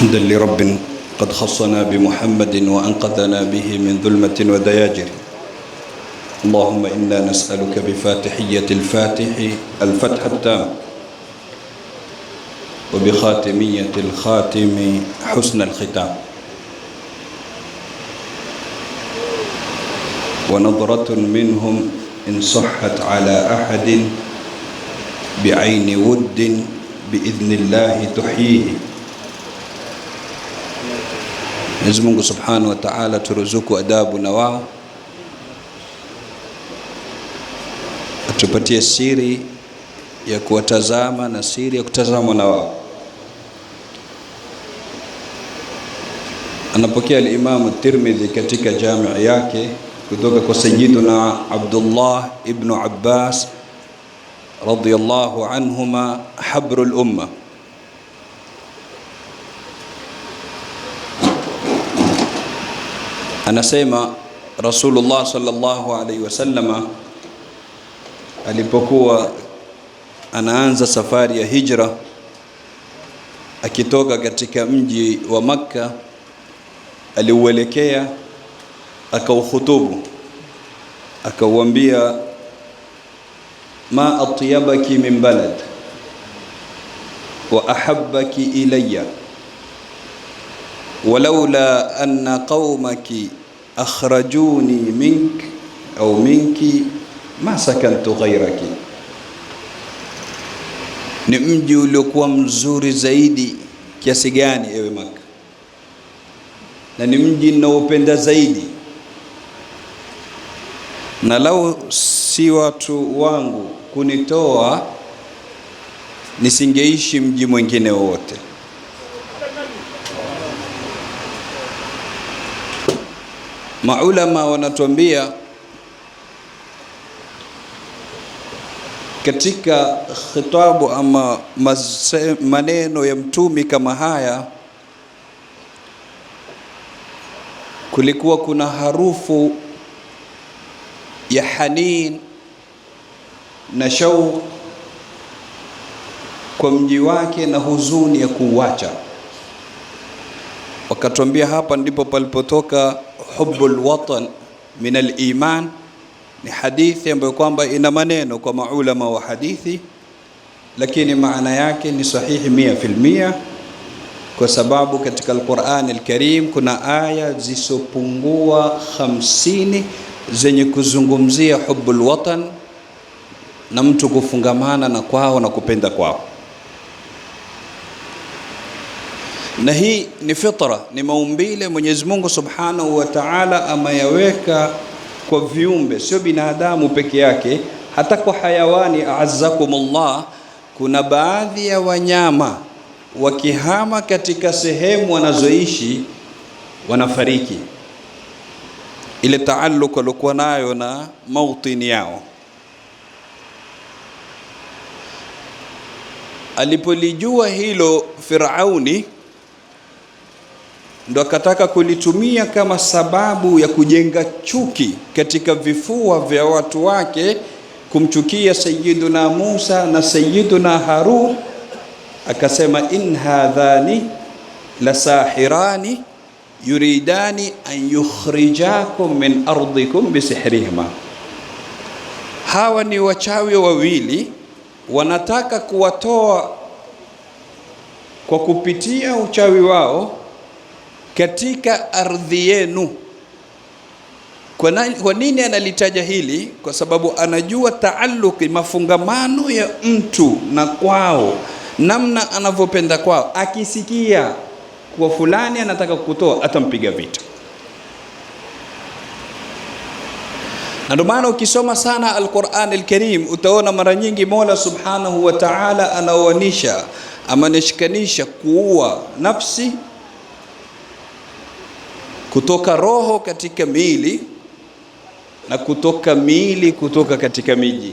حمدا لرب قد خصنا بمحمد وأنقذنا به من ظلمة ودياجر اللهم إنا نسألك بفاتحية الفاتح الفتح التام وبخاتمية الخاتم حسن الختام ونظرة منهم إن صحت على أحد بعين ود بإذن الله تحييه Mwenyezi Mungu Subhanahu wa Ta'ala turuzuku adabu na wao, atupatie siri ya kuwatazama na siri ya kutazamwa na wao. Anapokea al-Imam Tirmidhi katika jamii yake kutoka kwa Sayyiduna Abdullah ibn Abbas radiyallahu anhuma habrul ummah Anasema Rasulullah sallallahu alaihi wasallama alipokuwa anaanza safari ya hijra akitoka katika mji wa Makka aliuelekea akauhutubu, akauambia ma atyabaki min balad wa ahabbaki ilayya walaula anna qaumaki akhrajuni mink au minki ma sakantu ghairaki, ni mji uliokuwa mzuri zaidi kiasi gani ewe Maka, na ni mji ninaopenda zaidi, na lau si watu wangu kunitoa nisingeishi mji mwingine wowote. Maulama wanatuambia katika khitabu ama maneno ya mtumi kama haya, kulikuwa kuna harufu ya hanin na shauq kwa mji wake na huzuni ya kuuacha. Wakatuambia hapa ndipo palipotoka hubbul lwatan min aliman ni hadithi ambayo kwamba ina maneno kwa maulama wa hadithi, lakini maana yake ni sahihi mia fil mia, kwa sababu katika Alquran Alkarim kuna aya zisopungua hamsini zenye kuzungumzia hubu lwatan na mtu kufungamana na kwao na kupenda kwao. na hii ni fitra, ni maumbile Mwenyezi Mungu Subhanahu wa Ta'ala ameyaweka kwa viumbe, sio binadamu peke yake, hata kwa hayawani. A'azzakumullah, kuna baadhi ya wanyama wakihama katika sehemu wanazoishi wanafariki, ile taalluq waliokuwa nayo na mautini yao. Alipolijua hilo Firauni ndo akataka kulitumia kama sababu ya kujenga chuki katika vifua vya watu wake, kumchukia Sayyiduna Musa na Sayyiduna Harun. Akasema, in hadhani la sahirani yuridani an yukhrijakum min ardikum bisihrihima, hawa ni wachawi wawili wanataka kuwatoa kwa kupitia uchawi wao katika ardhi yenu. Kwa, nini analitaja hili? Kwa sababu anajua taalluki, mafungamano ya mtu na kwao, namna anavyopenda kwao. Akisikia kwa fulani anataka kutoa, atampiga vita. Na ndio maana ukisoma sana Al-Qur'an Al-Karim utaona mara nyingi Mola Subhanahu wa Ta'ala anaoanisha amanishikanisha kuua nafsi kutoka roho katika miili na kutoka miili kutoka katika miji.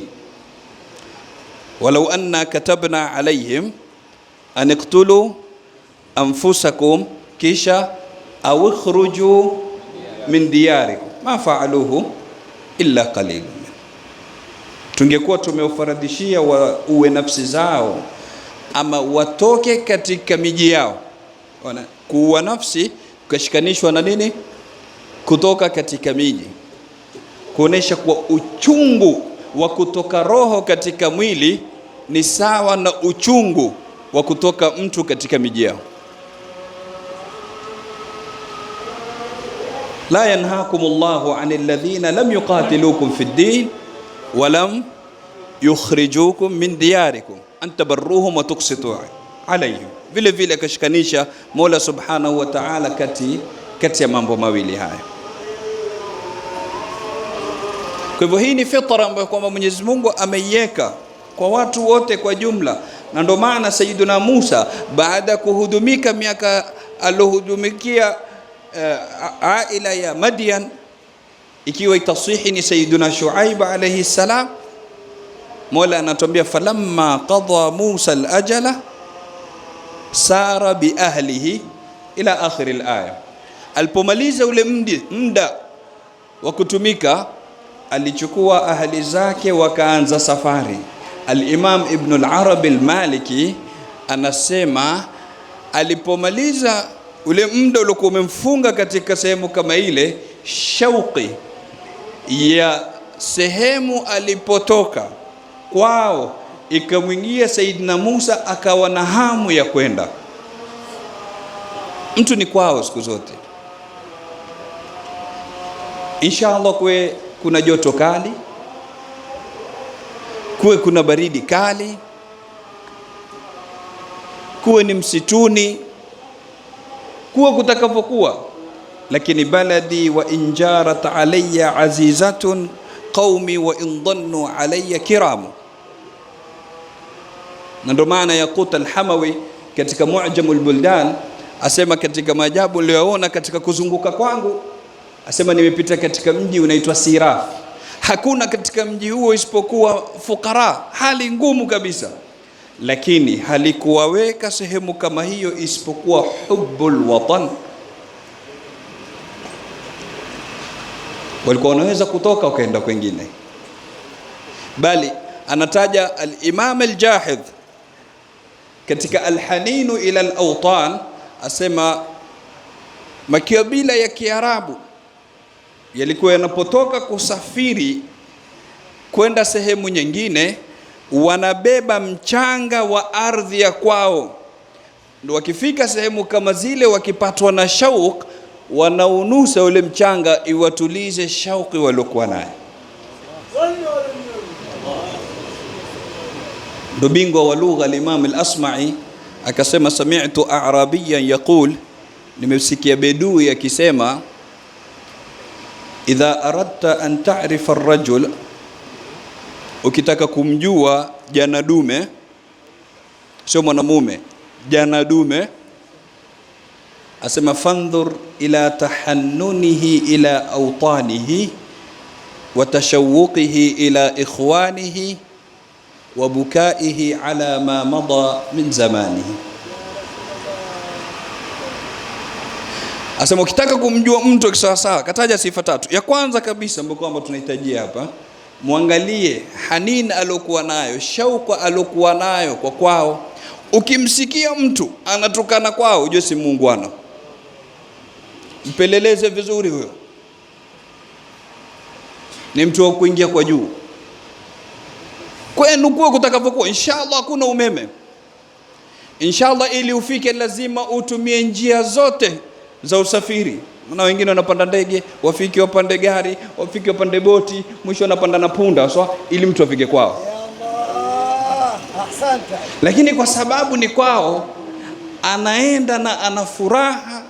Walau anna katabna alaihim an iktulu anfusakum kisha au ikhruju min diyarikum ma faaluhu illa qalil, tungekuwa tumeufaradishia uwe nafsi zao ama watoke katika miji yao. Kuua nafsi ukashikanishwa na nini kutoka katika miji, kuonesha kuwa uchungu wa kutoka roho katika mwili ni sawa na uchungu wa kutoka mtu katika miji yao. la yanhakum llahu ani alladhina lam yuqatilukum fi ddin wa lam yukhrijukum min diyarikum an tabarruhum wa tuqsitu alaihim. Vile vile akashikanisha Mola subhanahu wa ta'ala kati kati ya mambo mawili haya. Kwa hivyo hii ni fitra ambayo kwamba Mwenyezi Mungu ameiweka kwa watu wote kwa jumla, na ndio maana Sayyiduna Musa baada ya kuhudumika miaka aliohudumikia uh, eh, aila ya Madian, ikiwa itasihi ni Sayyiduna Shuaib alayhi salam, Mola anatuambia falamma qadha Musa al-ajala sara bi ahlihi ila akhir alaya. Alipomaliza ule mdi, mda wa kutumika alichukua ahli zake wakaanza safari. Al-Imam Ibn al-Arab al-Maliki anasema alipomaliza ule mda uliokuwa umemfunga katika sehemu kama ile, shauqi ya sehemu alipotoka kwao ikamwingia Saidina Musa, akawa na hamu ya kwenda. Mtu ni kwao siku zote. Inshallah, kuwe kuna joto kali, kuwe kuna baridi kali, kuwe ni msituni, kuwe kutakapokuwa, lakini baladi wa injarat alayya azizatun qaumi wa indhannu alayya kiramu na ndio maana Yaqut al-Hamawi katika Mu'jamul Buldan asema katika maajabu niliyoona katika kuzunguka kwangu, asema nimepita katika mji unaitwa Siraf, hakuna katika mji huo isipokuwa fukara, hali ngumu kabisa, lakini halikuwaweka sehemu kama hiyo isipokuwa hubbul watan. Walikuwa wanaweza kutoka wakaenda kwengine, bali anataja al-Imam al katika alhaninu ila alawtan, asema makiabila ya Kiarabu yalikuwa yanapotoka kusafiri kwenda sehemu nyingine, wanabeba mchanga wa ardhi ya kwao, ndio wakifika sehemu kama zile, wakipatwa na shauq, wanaunusa ule mchanga iwatulize shauqi waliokuwa nayo. ndo bingwa wa lugha al-Imam al-Asma'i akasema, sami'tu arabiyan yaqul, nimesikia bedui akisema, idha aradta an ta'rifa ar-rajul, ukitaka kumjua jana dume, sio mwanamume, jana dume, asema fandhur ila tahannunihi ila awtanihi wa tashawuqihi ila ikhwanihi wa bukaihi ala ma mada min zamanihi. Asema ukitaka kumjua mtu akisawasawa, kataja sifa tatu. Ya kwanza kabisa ambayo kwamba tunahitajia hapa, mwangalie hanin aliokuwa nayo, shauka aliokuwa nayo kwa kwao. Ukimsikia mtu anatukana kwao, ujue si ana mpeleleze vizuri. Huyo ni mtu wa kuingia kwa juu kwenu kuwe kutakavyokuwa, inshallah hakuna umeme. Inshallah, ili ufike lazima utumie njia zote za usafiri, Na wengine wanapanda ndege, wafike wapande gari, wafike wapande boti, mwisho wanapanda na punda so, ili mtu afike kwao. Lakini kwa sababu ni kwao, anaenda na ana furaha.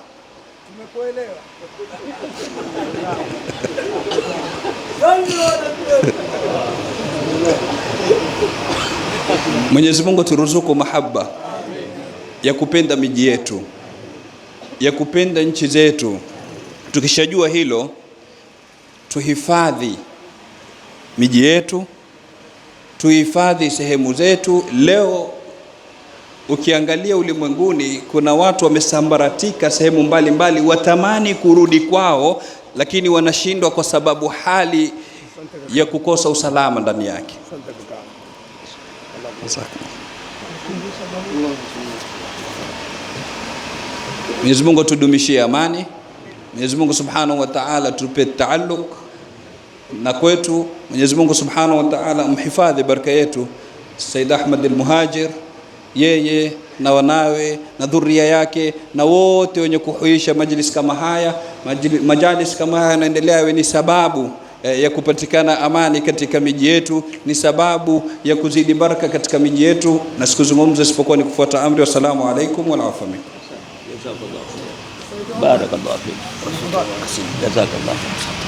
Tumekuelewa? Mwenyezi Mungu turuzuku mahaba ya kupenda miji yetu, ya kupenda nchi zetu. Tukishajua hilo, tuhifadhi miji yetu, tuhifadhi sehemu zetu. Leo ukiangalia ulimwenguni, kuna watu wamesambaratika sehemu mbalimbali, watamani kurudi kwao, lakini wanashindwa kwa sababu hali ya kukosa usalama ndani yake. Mwenyezi Mungu tudumishie amani. Mwenyezi Mungu Subhanahu wa Ta'ala tupe taalluq na kwetu. Mwenyezi Mungu Subhanahu wa Ta'ala mhifadhi baraka yetu Said Ahmad al-Muhajir, yeye na wanawe na dhuria yake na wote wenye kuhuisha majlis kama haya. Majalis kama haya yanaendelea, we ni sababu Eh, ya kupatikana amani katika miji yetu, ni sababu ya kuzidi baraka katika miji yetu, na sikuzungumza isipokuwa ni kufuata amri. Wassalamu alaikum wa rahmatullahi wa barakatuh. Jazakallahu khairan.